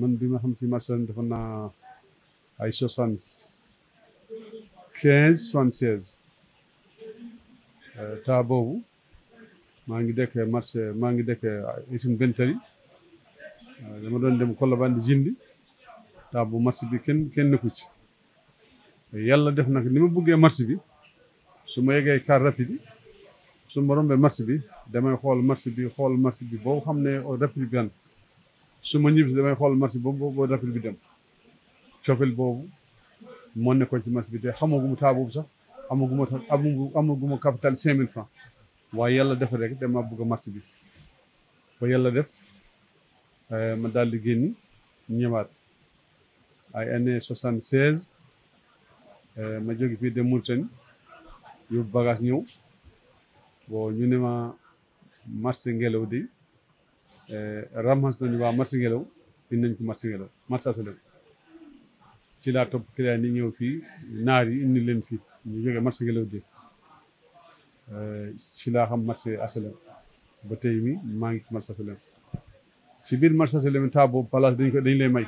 man bi ma xam ci maçon dafa naa ay soixante quinze soixante seize euh, taa boobu maa ngi dekkee marché maa ngi dëkk usine Bentali euh, dama doon dem kolo di jindi taa bu marché bi kenn kenn nekku ci yàlla def nag ni ma buggee marché bi su ma yeggee car rapide su ma rombee marché bi damay xool marché bi xool marché bi boo xam ne rapide bi gan su ma ñibbisi damay xool marché boobu boobu rafet bi dem cofil boobu moo nekkoon ci marché bi te xamaguma taa boobu sax amaguma ma capital cinq mille francs waaye yàlla def rek dama bëgg a marché bi ba yàlla def euh, ma daal di génn ñëwaat ay année soixante seize euh, ma jóge fii dem Mauritanie yóbbu bagage ñëw bon ñu ne ma marché ngelaw di Eh, ramas nañu waa marché Ngelaw indi nañ ko marché Ngelaw marché Asalem ci laa topp client yi ñëw fii naar yi indi leen fii ñu jógee marché Ngelaw di eh, ci laa xam marché Asalem ba tey mi maa ngi ci marché si biir marché Asalem taa boobu place dañ ko dañ lay may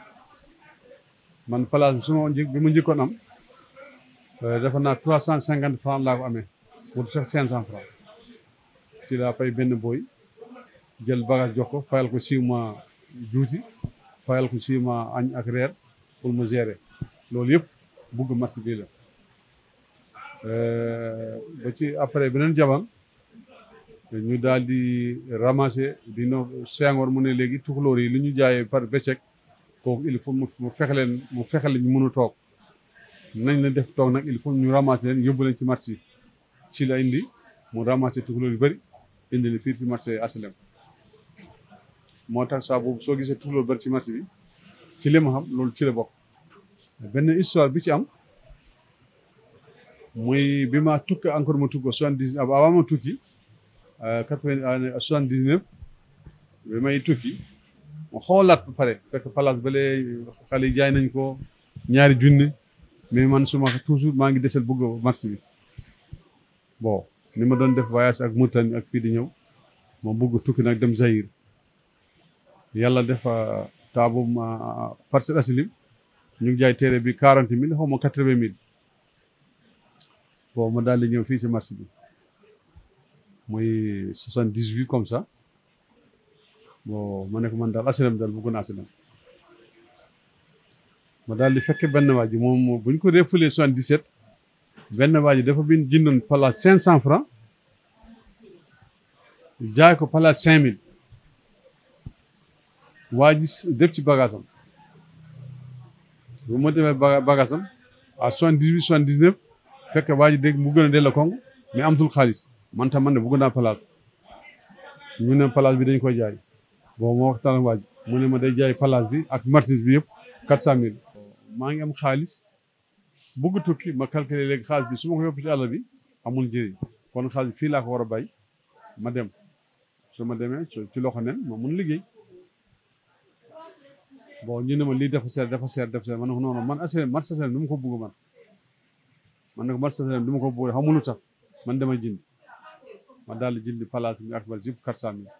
man place bi su ma bi mu njëkkoon am eh, dafa naa trois cent cinquante franc laa ko amee wut sax cinq cent franc ci laa fay benn booy jël bagage jox ko fayal ko six mois juuti fayal ko six mois añ ak reer pour mu gérer loolu yëpp bugg match bii la euh, ba ci après beneen jamono ñu daal di ramasser di no Senghor mu ne léegi tukulóor yi li ñu jaayee par bëccëg kooku il faut mu fexe leen mu fexe leen ñu mën a toog nañ leen def toog nag il faut ñu ramasser leen yóbbu leen ci match yi ci la indi mu ramasser tukulóor yu bëri indi leen fii ci match yi asilem moo tax saa boobu soo gisee tukulóor bari ci marché bi ci li ma xam loolu ci la bokk benn histoire bi ci am mooy bi ma tukk encore ma tukk soixante-dix-neuf avant ma tukki euh, quatre-vingt soixante-dix-neuf ma xoolaat ba pare fekk place bale xale yi jaay nañ ko ñaari junne mais man suma toujours maa ngi desel bëgg marché bi bon ni ma doon def voyage ak Mauritanie ak fii di ñëw ma bëgg tukki nag dem Zaïre yàlla defa taabum Parcelles Assainies ñu ngi jaay téere bi quarante mille xaw ma quatre-vingt mille bon ma daal di ñëw fii ci marché bi muy soixante-dix-huit comme ça bon ma ko man daal asilem dal bëgg naa asilem ma daal di fekk benn waa ji moom buñ ko refulee soixante-dix-sept benn waa ji dafa bin jëndoon pala cinq cent francs jaay ko pala cinq mille waa ji def ci bagage am bu ma demee bagage am à soixante dix huit soixante dix neuf fekk waa ji mu gën a delloo kong mais amatul xaalis man man ne bëgg naa place ñu ne place bi dañ koy jaay bon moo waa mu ne ma day jaay place bi ak marchandise bi yëpp quatre cent maa ngi am xaalis bëgg tukki ma calculer léegi xaalis bi su ma ko yóbbu ci àll bi amul njëriñ kon xaalis bi fii laa ko war a bay ma dem su ma demee ci loxo nen ma mun liggéey bon ñu ne ma lii dafa seer dafa seer dafa seer man ne ko non non man assurance marché assurance ko bëgg man man ne ko marché ma ko bëgg xamul lu tax man dama jënd ma daal di jënd palaas bi ak valise yëpp quatre cent mille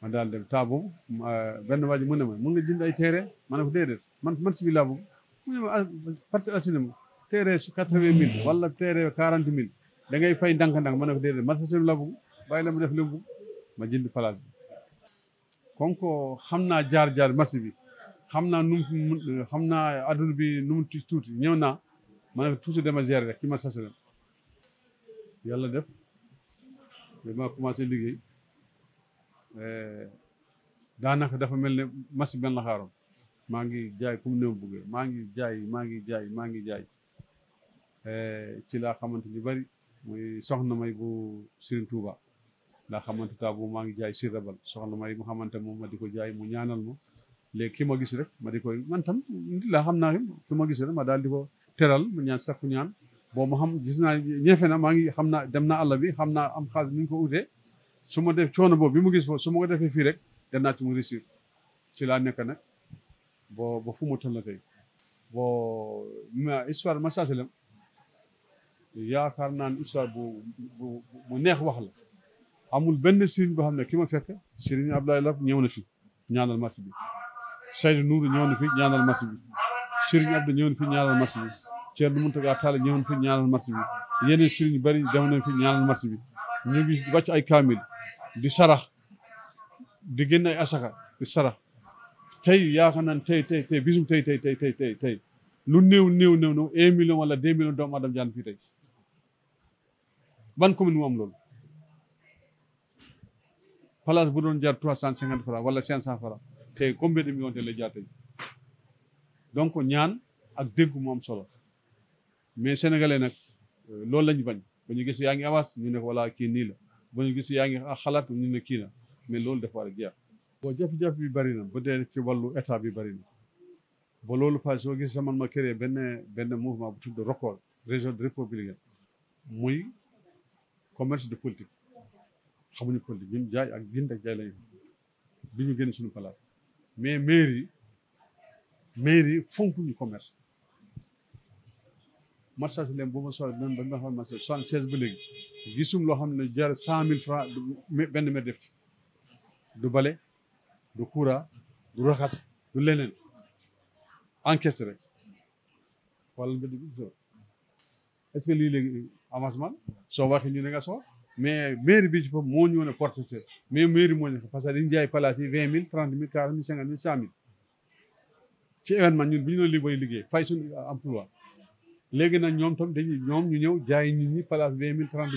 ma daal dem taa boobu euh, benn waa mu ne ma mun nga jënd ay téere ma ne ko man man si bi laa bëgg mu ne ma ah, parce que assurance ma téere su quatre vingt mille wala téere quarante mille da ngay fay ndànk-ndànk ma ne ko déedéet marché assurance laa bëgg bàyyi la mu def li mu ma jënd palaas bi comme que xam naa jaar-jaar match bi xam naa nu mu naa adduna bi nu mu tuuti ñëw naa ma ne toujours dama gérer rek ci ma sas ren yàlla def dama commencé liggéey eh, daanaka dafa mel ne match benn la maa ngi jaay comme ni ma bëggee maa ngi jaay maa ngi jaay maa ngi jaay eh, ci laa xamante ni bari muy soxna may bu Serigne Touba. ndax xamante taa bu maa ngi jaay si rabal soxna may mu xamante moom ma di ko jaay mu ñaanal ma léegi ki ma gis rek ma di koy man laa xam naa ki ma gis rek ma daal di ko teral mu ñaan sakku ñaan boo ma xam gis naa ñeefe na maa ngi xam naa dem naa àll bi xam naa am xaalis ni ñu ko utee su ma def coono boobu bi mu gis foofu su ma ko defee fii rek dem naa ci mu réussir ci laa nekk na boo fu mu toll na tey boo ma histoire ma saasalem yaakaar naa ne histoire bu bu bu neex wax la amul ben sëriñ boo xam ne ki ma fekk sëriñ Abdoulaye Lar ñëw na fi ñaanal marché bi Seydou Nourou ñëw na fi ñaanal marché bi sëriñ Abdou ñëw na fi ñaanal marché bi Thierno Mountaga Tall ñëw na fi ñaanal marché bi yeneen sëriñ bari dem nañ fi ñaanal marché bi ñu ngi wàcc ay kaamil di sarax di génn ay asaka di sarax tey yaakaar naa ne tey tey tey bisum tey tey tey tey tey tey lu néew néew néew néew un million wala deux millions doomu aadama jaan fii tey ban commune moo am loolu place bu doon jaar trois cent cinquante francs wala cinq cent francs tey combien de de lay jaar donc ñaan ak dégg mu solo mais sénégalais nag euh, loolu lañu bañ ba ñu gisee yaa ngi avance ñu ne wala kii nii la ba ñu gisee yaa ngi ah xalaat ñu kii la mais loolu dafa war a jeex bon jafe-jafe bi na bu dee ci wàllu état bi bëri na ba loolu page soo gisee man ma créé benn benn mouvement bu tudd ROCCOL région de républicaine muy commerce de politique xamuñu compte ñun jaay ak jënd ak jaay lañu du ñu génn suñu place mais mairie mairie fonk ñu commerce marchandise leen boo ma soxla même ba ma xam marché soixante seize loo xam ne jar cent mille francs benn def ci du bale du courant du raxas du leneen encaisse rek wala ba dégg est-ce lii léegi avancement soo waxee ne nga soxla mais mairie bi ci moo ñëw ne porte se mais mairie moo ñëw parce que dañu jaay palaas yi vingt mille trente mille quarante mille cinquante mille cent mille ci événement ñun bu ñu liggéey liggéey fay suñu emploi léegi nag ñoom tam dañuy ñoom ñu ñëw jaay ñu ñi palaas vingt mille trente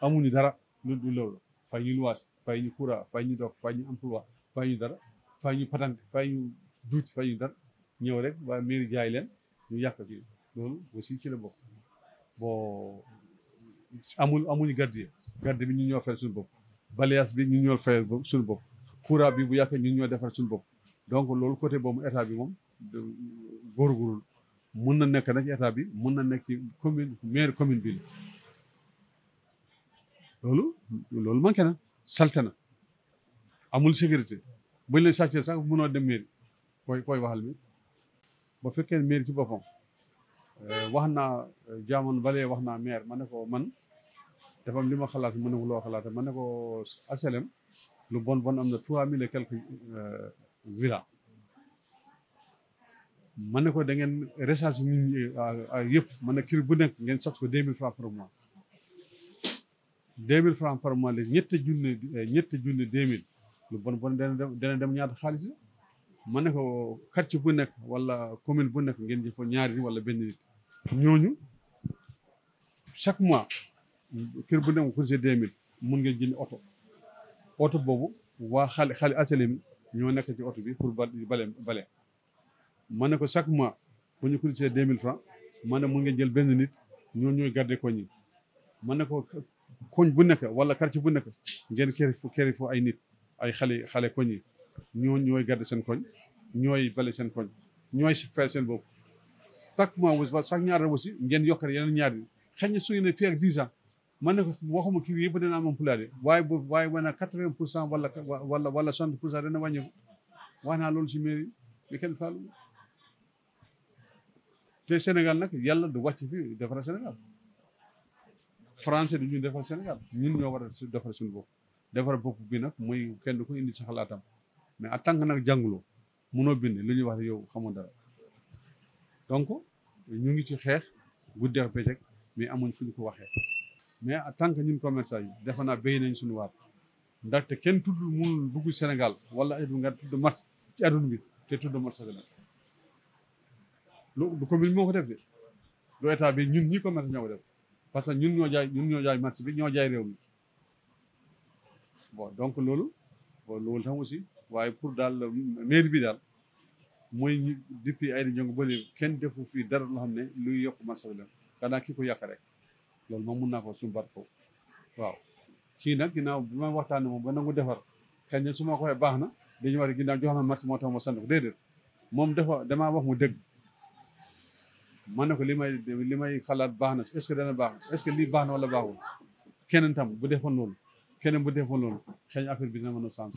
amu ñu dara lu du loolu fay ñu luwaas fay ñu courant fay ñu dox fay ñu emploi fay ñu dara fay ñu patante fay ñu duut fay ñu dara ñëw rek waa mairie jaay leen ñu yàq ci loolu aussi ci la bokk amul amuñu gardien gardien bi ñu ñoo fay suñu bopp balayage bi ñu ñoo fay suñu bopp courant bi bu yàqee ñu ñoo defar suñu bopp donc loolu côté boobu état bi moom góorgóorlu mun na nekk nag état bi mun na nekk ci commune maire commune bi loolu loolu manqué na salte na amul sécurité buñ lay sàccee sax mënoo dem mairie koy koy waxal mi ba fekkee mairie ci boppam euh, wax naa euh, jamono balee wax naa maire ma ne ko man dafa am li ma xalaat mu ne ko loo xalaat ma ko HLM lu bon bon am na trois mille et quelques euh, villas ma ne ko da ngeen recharge nit ñi euh, euh, yëpp ma ne kër bu nekk ngeen sax ko deux mille francs par mois deux mille francs par mois léegi ñetti junni ñetti junni deux lu bon bon dana dem dana dem ñaata xaalis la ma ne ko quartier bu nekk wala commune bu nekk ngeen jëfoo ñaari wala benn nit ñooñu chaque mois kër bu nekk course deux mille mun nga jënd oto oto boobu waa xale xale asalem ñoo nekk ci oto bi pour bale bale ma ne ko chaque mois bu ñu course deux mille francs ma mun nga jël benn nit ñoo ñooy garder koñ yi ma ko koñ bu nekk wala quartier bu nekk ngeen kër kër fo ay nit ay xale xale koñ yi ñoo ñooy garder seen koñ ñooy bale seen koñ ñooy fay seen bopp chaque mois chaque ñaar aussi ngeen yokkar yeneen ñaar yi xëy na su ngeen ne fii man ne ko waxuma kii yëpp dina am employé de waaye bu waaye wana quatre vingt pour cent wala wala wala soixante pour cent dana wàññeeku wax naa loolu ci mairie bi kenn faalu te Sénégal nag yàlla du wàcc fi defar Sénégal français du ñu defar Sénégal ñun ñoo war a defar suñu bopp defar bopp bi nag mooy kenn du ko indi sa xalaatam mais en tant que nag jànguloo mënoo bind li ñuy wax yow xamoo dara donc ñu ngi ci xeex guddeex bëccëg mais amuñ fu ñu ko waxee mais en tant que ñun commerçant yi defe naa béy nañ suñu waat ndaxte kenn tudd mënul dugg Sénégal wala ay nga tudd mars ci àdduna bi te tudd mars la lu commune bi moo ko def de lu bi ñun ñi commerçant ñoo ko def parce que ñun ñoo jaay ñun ñoo jaay marché bi ñoo jaay réew mi bon donc loolu bon loolu tam aussi waaye pour daal mairie bi daal mooy depuis ay di jongo ba léegi kenn defu fii dara loo xam ne luy yokk marché bi la xanaa ki ko yàq rek loolu moom mun naa ko sumbat ko waaw kii nag ginnaaw bi ma waxtaanee moom ba nangu defar xëy na su ma baax na dañu war a ginnaaw jox ma marché moo tax ma sant moom dafa damaa wax mu dëgg man ne ko li may li may xalaat baax na est-ce que dana baax est que lii baax na wala baaxul keneen tam bu defoon loolu keneen bu defoon loolu xëy na bi dina mën a sens